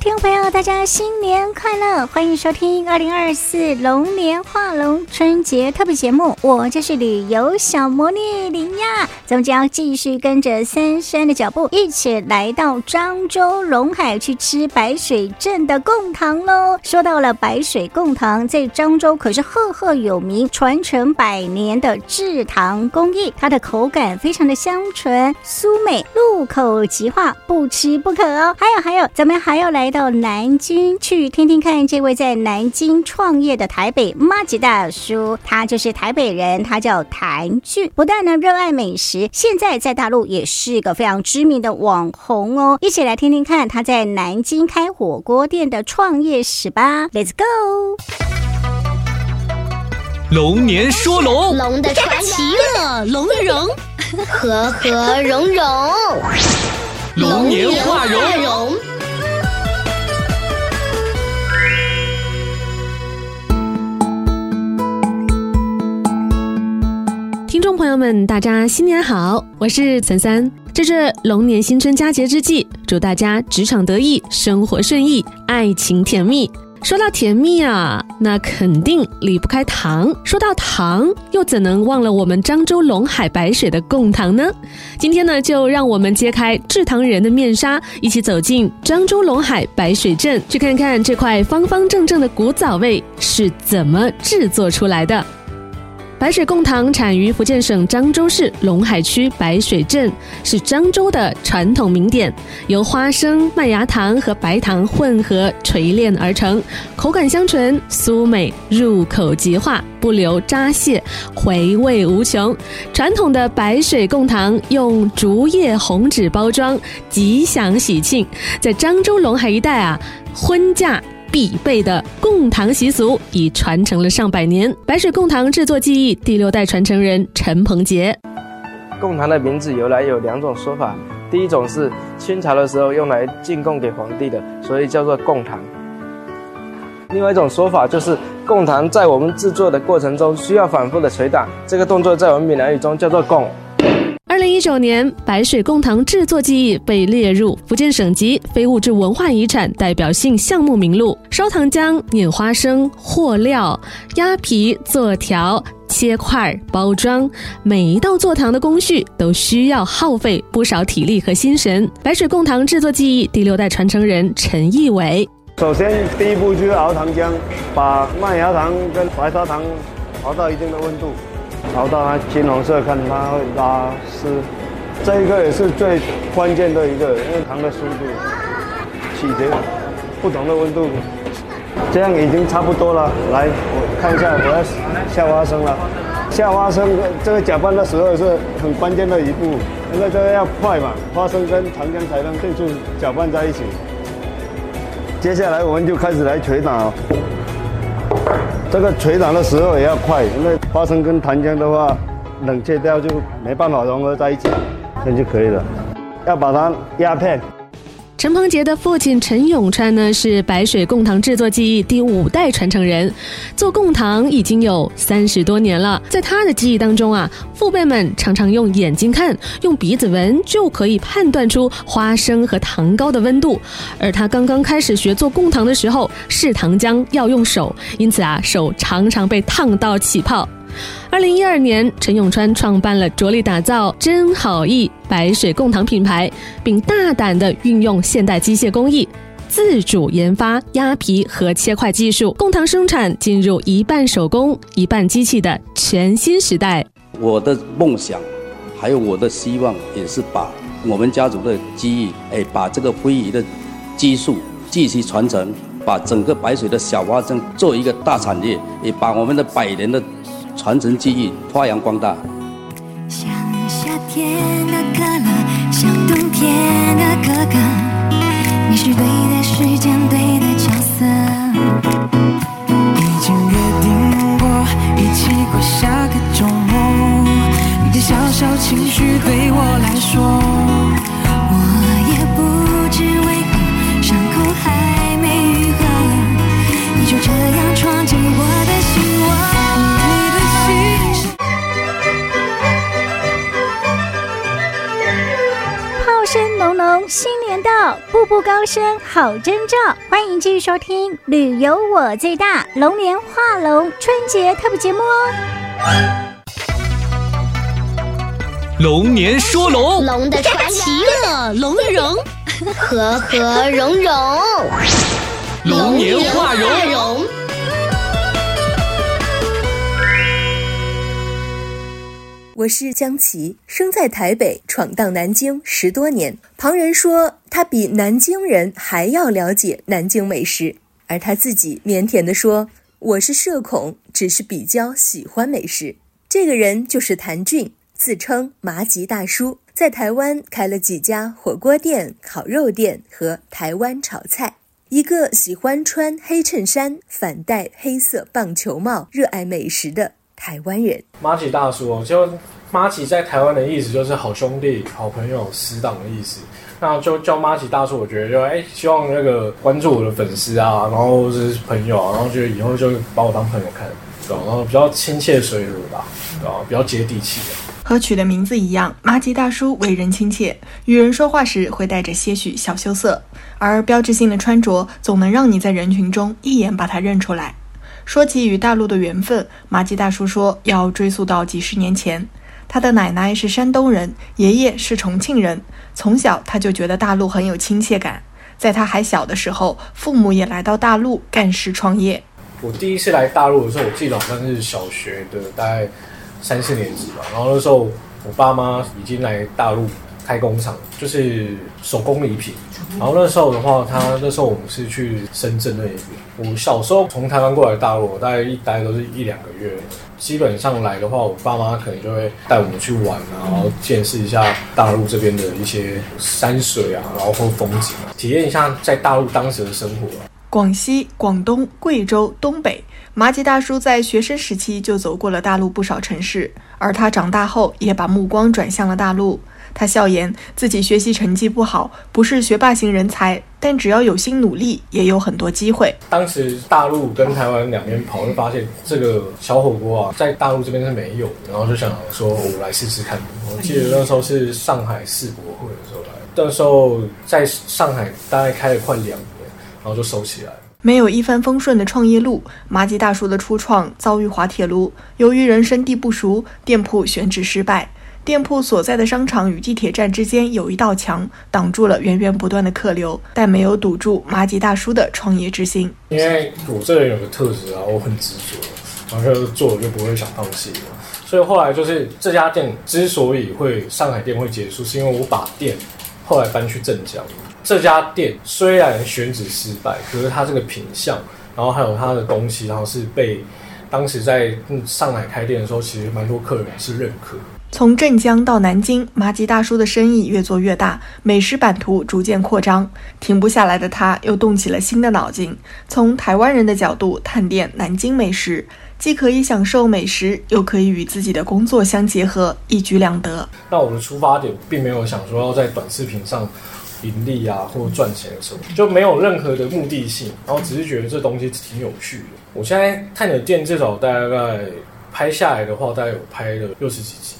聽眾朋友，大家新年快樂！歡迎收聽二零二四龍年話融春節特別節目，我就是旅遊小魔力林亞。咱們將繼續跟着姍姍的腳步，一起來到漳州龍海去吃白水鎮的貢糖嘍。說到了白水貢糖，在漳州可是赫赫有名，傳承百年的制糖工藝，它的口感非常的香醇酥美，入口即化，不吃不可哦。還有還有，咱們還要來。來到南京去聽聽看，這位在南京創業的台北麻吉大叔，他就是台北人，他叫譚俊，不但呢熱愛美食，現在在大陸也是一個非常知名的網紅哦。一起來聽聽看他在南京開火鍋店的創業史吧。Let's go。龍年說龍，龍的傳奇樂，龍龍， 和和融融，龍年話融，龍年話融。朋友們，大家新年好！我是陳三。在這龍年新春佳節之際，祝大家職場得意，生活順意，愛情甜蜜。說到甜蜜啊，那肯定離不開糖。說到糖，又怎能忘了我們漳州龍海白水的貢糖呢？今天呢，就讓我們揭開制糖人的面紗，一起走進漳州龍海白水鎮，去看看這塊方方正正的古早味是怎麼制作出來的。白水貢糖產於福建省漳州市龍海區白水鎮，是漳州的傳統名點，由花生、麥芽糖和白糖混合錘煉而成，口感香醇、酥美，入口即化，不留渣屑，回味無窮。傳統的白水貢糖用竹葉紅紙包裝，吉祥喜慶。在漳州龍海一帶啊，婚嫁必備的貢糖習俗已傳承了上百年。白水貢糖制作技藝第六代傳承人陳鵬傑，貢糖的名字由來有兩種說法，第一種是清朝的時候用來進貢給皇帝的，所以叫做貢糖。另外一種說法就是貢糖在我們制作的過程中需要反複的捶打，這個動作在我們閩南語中叫做“貢”。二零一九年，白水貢糖制作技藝被列入福建省級非物質文化遺產代表性項目名錄。燒糖漿、碾花生、和料、壓皮、做條、切塊、包裝，每一道做糖的工序都需要耗費不少體力和心神。白水貢糖制作技藝第六代傳承人陳義偉：首先，第一步就是熬糖漿，把麥芽糖跟白砂糖熬到一定的溫度。熬到它金黃色看，看它會拉絲，這一個也是最關鍵的一個，因為糖的速度，取決於不同的溫度。這樣已經差不多了。來，我看一下，我要下花生了。下花生這個攪拌的時候是很關鍵的一步，因為這個要快嘛，花生跟糖漿才能迅速攪拌在一起。接下來我們就開始來捶打。這個捶打的時候也要快，因為花生跟糖漿的話，冷卻掉就沒辦法融合在一起，這樣就可以了。要把它壓片。陳鵬傑的父親陳永川呢，是白水貢糖製作技藝第五代傳承人，做貢糖已經有三十多年了。在他的記憶當中啊，父輩們常常用眼睛看，用鼻子聞就可以判斷出花生和糖糕的溫度。而他剛剛開始學做貢糖的時候，是糖漿要用手，因此啊，手常常被燙到起泡。二零一二年，陳永川創辦了着力打造“真好意白水貢糖”品牌，並大膽的運用現代機械工藝，自主研發壓皮和切塊技術，貢糖生產進入一半手工一半機器的全新時代。我的夢想，還有我的希望，也是把我們家族的技藝，哎，把這個非遺的技術繼續傳承，把整個白水的小花生做一個大產業，也把我們的百年的。傳承技藝，發揚光大。像夏天的步步高升，好徵兆。歡迎繼續收聽《旅遊我最大》龍年話融，春節特別節目哦！龍年說龍，龍的傳奇樂，龍融和和融融，呵呵容容，龍年話融。我是江琦，生在台北，闖蕩南京十多年。旁人說他比南京人還要了解南京美食，而他自己靦腆地說：“我是社恐，只是比較喜歡美食。”這個人就是譚俊，自稱麻吉大叔，在台灣開了幾家火鍋店、烤肉店和台灣炒菜。一個喜歡穿黑襯衫、反戴黑色棒球帽、熱愛美食的。台灣人，麻吉大叔，就麻吉在台灣的意思就是好兄弟、好朋友、死黨的意思。那就叫麻吉大叔，我覺得就哎，希望那個關注我的粉絲啊，然後就是朋友，然後覺得以後就把我當朋友看，對吧？然後比較親切隨和吧，對吧？比較接地氣的。和取的名字一樣，麻吉大叔為人親切，與人說話時會帶着些許小羞澀，而標誌性的穿着總能讓你在人群中一眼把他認出來。說起與大陸的緣分，麻吉大叔說，要追溯到幾十年前，他的奶奶是山東人，爺爺是重慶人，從小他就覺得大陸很有親切感。在他還小的時候，父母也來到大陸幹事創業。我第一次來大陸的時候，我記得好像是小學的大概三四年級吧，然後那時候我爸媽已經來大陸。開工廠就是手工禮品，然後那時候的話，他那時候我們是去深圳那邊。我小時候從台灣過來大陸，大概一待都是一兩個月。基本上來的話，我爸媽可能就會帶我們去玩，然後見識一下大陸這邊的一些山水啊，然後風景，體驗一下在大陸當時的生活啊。廣西、廣東、貴州、東北，麻吉大叔在學生時期就走過了大陸不少城市，而他長大後也把目光轉向了大陸。他笑言，自己學習成績不好，不是學霸型人才，但只要有心努力，也有很多機會。當時大陸跟台灣兩邊跑，就發現這個小火鍋啊，在大陸這邊是沒有，然後就想說，我來試試看。我記得那時候是上海世博會的時候來，那時候在上海大概開了快兩年，然後就收起來了。沒有一帆風順的創業路，麻吉大叔的初創遭遇滑鐵盧，由於人生地不熟，店鋪選址失敗。店鋪所在的商場與地鐵站之間有一道牆，擋住了源源不斷的客流，但沒有堵住麻吉大叔的創業之心。因為我這人有個特質啊，我很執着，然後就做了就不會想放棄。所以後來就是這家店之所以會上海店會結束，是因為我把店後來搬去鎮江。這家店雖然選址失敗，可是它這個品相，然後還有它的東西，然後是被。當時在上海開店的時候，其實蠻多客人是認可。從鎮江到南京，麻吉大叔的生意越做越大，美食版圖逐漸擴張。停不下來的他，又動起了新的腦筋，從台灣人的角度探店南京美食，既可以享受美食，又可以與自己的工作相結合，一舉兩得。那我們出發點並沒有想說要在短視頻上。盈利啊，或者賺錢的時候，就沒有任何的目的性，然後只是覺得這東西挺有趣的。我現在探的店至少大概拍下來的話，大概有拍了六十幾集。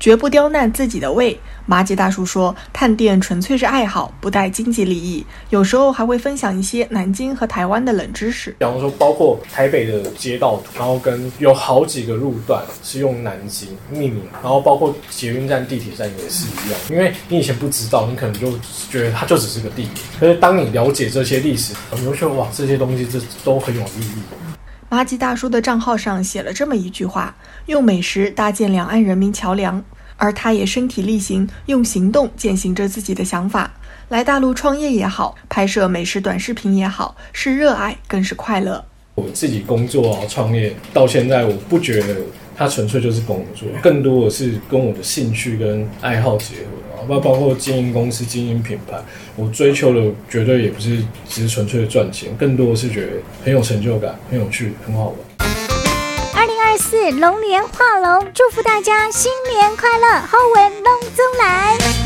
絕不刁難自己的胃。麻吉大叔說，探店純粹是愛好，不帶經濟利益。有時候還會分享一些南京和台灣的冷知識，比方說，包括台北的街道，然後跟有好幾個路段是用南京命名，然後包括捷運站、地鐵站也是一樣。嗯、因為你以前不知道，你可能就覺得它就只是個地名。可是當你了解這些歷史，你會覺得哇，這些東西這都很有意義。麻吉大叔的賬號上寫了這麼一句話：“用美食搭建兩岸人民橋梁。”而他也身體力行，用行動踐行着自己的想法。來大陸創業也好，拍攝美食短視頻也好，是熱愛，更是快樂。我自己工作啊，創業到現在，我不覺得它純粹就是工作，更多的是跟我的興趣跟愛好結合。包括經營公司、經營品牌，我追求的絕對也不是只是純粹的賺錢，更多的是覺得很有成就感、很有趣、很好玩。二零二四龍年話融，祝福大家新年快樂，好運龍中來。